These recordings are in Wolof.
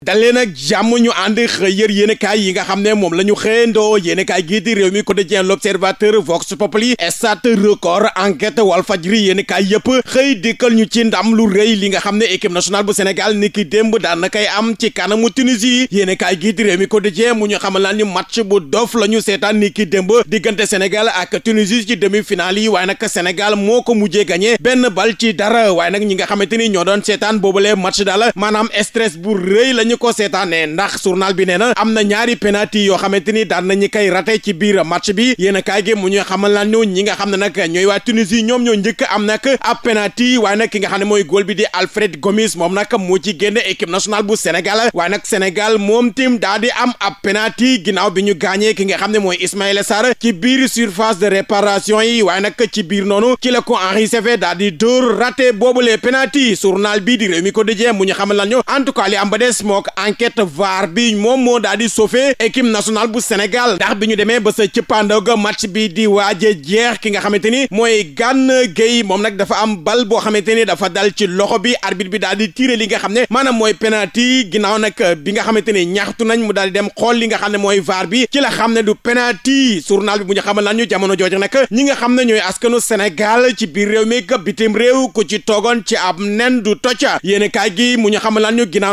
dalee nag jàmm ñu ànd xëy yër yéenekaay yi nga xam ne moom la ñu xëyandoo yéenekaay gii di réew mi quotidien l'observateur vox populi stade record enquête walfajri yéenekaay yëpp xëy dikkal ñu ci ndam lu rëy li nga xam ne équipe nationale bu Sénégal ni ki démb daan na koy am ci kanamu Tunisie yéenekaay gii di réew mi quotidien mu ñu xamal laa ñu match bu dof la seetaan ni ki démb diggante Sénégal ak Tunisie ci demi-finale waay waaye nag Sénégal moo ko mujjee gagné benn bal dara waaye nag ñi nga xamante ni ñoo doon seetaan boobulee match daal maanaam stress dinañu ko seetaane ndax bi nee na am na ñaari penalty yoo xamante ni daan nañu koy raté ci biir match a kaay gi mu ñuy xamal ñi nga xam ne nag ñooy waa ñoom ñoo njëkk am nag ab penalty waaye nag ki nga xam ne mooy góol bi di Alfred Gomis moom nag moo ci génne équipe nationale bu Sénégal waaye nag Sénégal moom tim daa di am ab penalty ginnaaw bi ñu gaañee ki nga xam ne mooy Ismaïla Sarr ci biir surface de réparation yi waaye nag ci biir noonu ci la ko Henri Saivet daa di dóor raté boobulee penalty journal bi di réew mi ko dëjee mu ñu xamal laan ñu en am ba des moo donc enquête VAR bi moom moo daal di sauver équipe nationale bu Sénégal ndax bi ñu demee ba sa cëppaandaw ga bi di waaj a jeex ki nga xamante ni mooy Gana Gueye moom nag dafa am bal boo xamante ni dafa dal ci loxo bi arbitre bi daal di tiré li nga xam ne maanaam mooy penalty ginnaaw nag bi nga xamante ni ñaxtu nañ mu daal di dem xool li nga xam ne mooy VAR bi ci la xam ne du penalty journal bi bu ñu xamal nañu jamono jooju nag ñi nga xam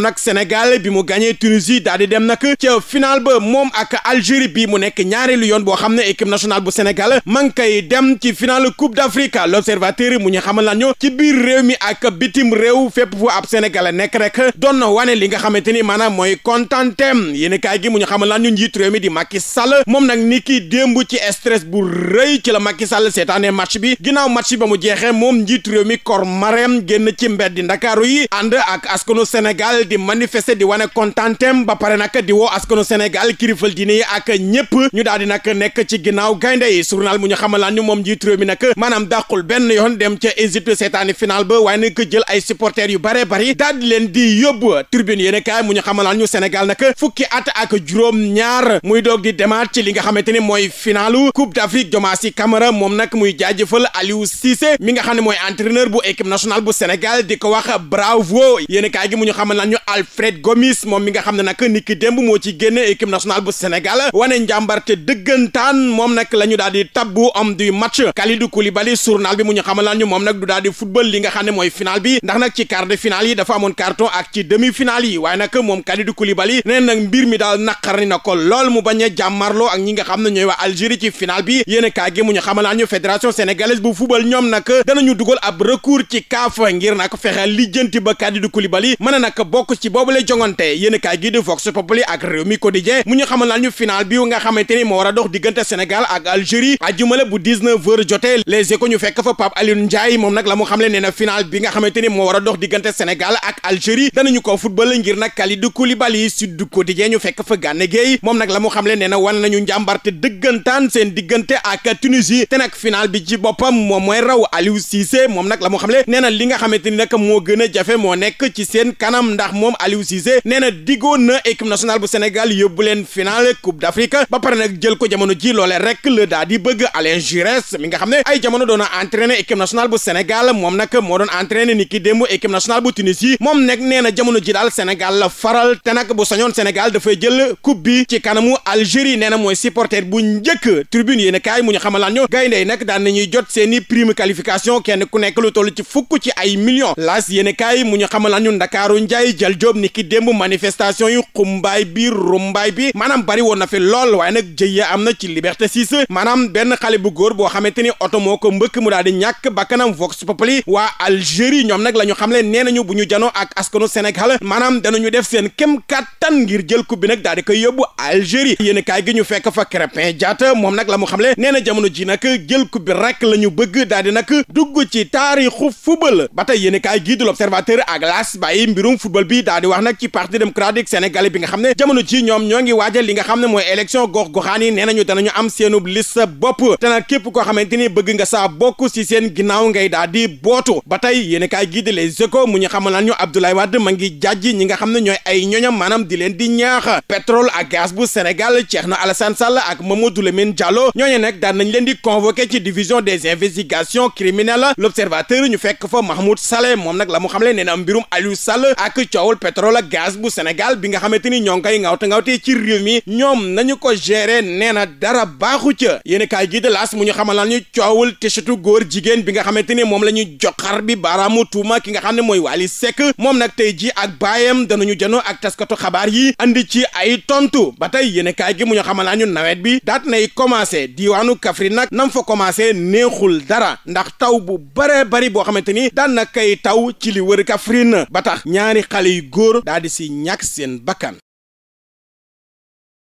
ne ñooy loolee bi mu gagné Tunisie daal di dem nag ca final ba moom ak Algérie bi mu nekk ñaareelu yoon boo xam ne équipe nationale bu Sénégal maa ngi koy dem ci final Coupe d'Afrique l'observateur mu ñu xamal nañu ci biir réew mi ak bitim réew fépp ab Sénégal nekk rek doon na wane li nga xamante ni maanaam mooy kontaanteem yéen kaay gi mu ñu xamal nañu njiit réew mi di Macky moom nag ni ki démb ci stress bu rëy ci la Macky Sall seetaanee match bi ginnaaw match bi ba mu jeexee moom njiit réew mi kor mareem génn ci mbedd Ndakaaru yi wane kontaanteem ba pare nag di woo askanu Sénégal kirifal diine yi ak ñëpp ñu daal di nag nekk ci ginnaaw gaynde yi journal mu ñu xamalaan ñu moom njiit réew mi nag maanaam dàqul benn yoon dem ca Égypte seetaani final ba waaye nag jël ay supporters yu bare bari daal di leen di yóbbu tribune yéen kaay mu ñu xamalaan ñu Sénégal nag fukki at ak juróom ñaar muy doog di demaat ci li nga xamante ni mooy finalu Coupe d'Afrique si Kamara moom nag muy jaajëfal Aliou Cissé mi nga xam ne mooy entraîneur bu équipe bu Sénégal di ko wax bravo yéen kaay gi mu ñu xamalaan ñu Alfred Gomis gomis moom mi nga xam ne nag ni ki démb moo ci génne équipe nationale bu Sénégal wane njàmbarte dëggantaan moom nag la ñu daal di tabbu homme du match Kalidou Koulibaly journal bi mu ñu xamal ñu moom nag du daal di football li nga xam ne mooy final bi ndax nag ci quart de finale yi dafa amoon carton ak ci demi finale yi waaye nag moom Kalidou Koulibaly nee nag mbir mi daal naqari na ko lool mu bañ a jàmmarloo ak ñi nga xam ne ñooy waa Algérie ba Kalidou a jongante yéen kaay gi xamal naa ñu final bi nga xamante ni moo war a dox diggante Sénégal ak Algérie ajjumale bu 19 heures jotee Les Échos ñu fekk fa Pape la mu xamle nee na final bi nga xamante ni moo ñu fekk fa Gana Gueye moom nag la mu xamle nee na wan nañu njàmbarte dëggantaan seen diggante ak Tunisie te nag final bi ci boppam moom mooy raw Aliou Cissé moom nag la mu xamle nee na li nga xamante ni nag moo gën a jafe moo nekk ci seen kanam ndax moom Aliou Cissé Cissé nee na diggoon na équipe nationale bu Sénégal yóbbu leen finale coupe d' Afrique ba pare nag jël ko jamono ji loolee rek la daa bëgg Alain Giresse mi ne ay jamono doon na entraîné équipe bu Sénégal moom nag moo doon entraîné ni ki démb équipe nationale bu Tunisie moom nag nee na jamono ji daal Sénégal la faral te nag bu sañoon Sénégal dafay jël coupe bi ci kanamu Algérie nee na mooy supporter bu njëkk tribune yéen a kaay mu ñu xamalaan ñu gaynde yi nag daan nañuy jot seeni ku nekk lu toll ci fukk ci a démb manifestation yi xumbaay bi rumbaay bi maanaam bari won na fi lool waaye nag jëyya am na ci liberté 6 maanaam benn xale bu góor boo xamante ni oto moo ko mbëkk mu daal di ñàkk bakkanam vox populi waa Algérie ñoom nag la ñu xamle nee nañu bu ñu janoo ak askanu Sénégal maanaam danañu def seen kem tan ngir jël coupe bi nag daal di koy yóbbu Algérie yéen kaay gi ñu fekk fa Krépin Diatta moom nag la mu xam xamle nee na jamono ji nag jël ku bi rek la ñu bëgg daal di nag dugg ci taarixu football ba tey yéen kaay gii du l'Observateur ak L'As ci parti démocratique sénégalais bi nga xam ne jamono ji ñoom ñoo ngi waajal li nga xam ne mooy élection gox goxaan yi nee nañu danañu am seenub liste bopp te nag képp koo xamante bëgg nga saa bokk si seen ginnaaw ngay daal bootu ba tey yéen kaay gii di Les Échos mu ñu xamal ñu Abdoulaye Wade ma ngi jàjj ñi nga xam ne ñooy ay ñoñam maanaam di leen di ñaax pétrole ak gaz bu Sénégal Thierno Alassane Sall ak Mamadou mu xamle nee na mbirum Aliou Sall ak gaz bu Sénégal bi nga xamante ni ñoo ngi koy ngawte ngawtee ci réew mi ñoom nañu ko gérer nee na dara baaxu ca yéen kaay gi de laas mu ñu xamal ñu coowul tësatu góor jigéen bi nga xamante ni moom la ñu joxar bi baaraamu tuuma ki nga xam ne mooy Waly Seck moom nag tey ji ak baayam danañu jano ak taskatu xabaar yi a ci ay tontu ba tey yéen kaay gi mu ñu xamal ñu nawet bi daat nay commencé diwaanu Kaffrine nag nam fa commencé neexul dara ndax taw bu bëree bëri boo xamante ni daan na kay taw ci li wër Kaffrine ba tax ñaari xale yu góor daal si ñàkk seen bakkan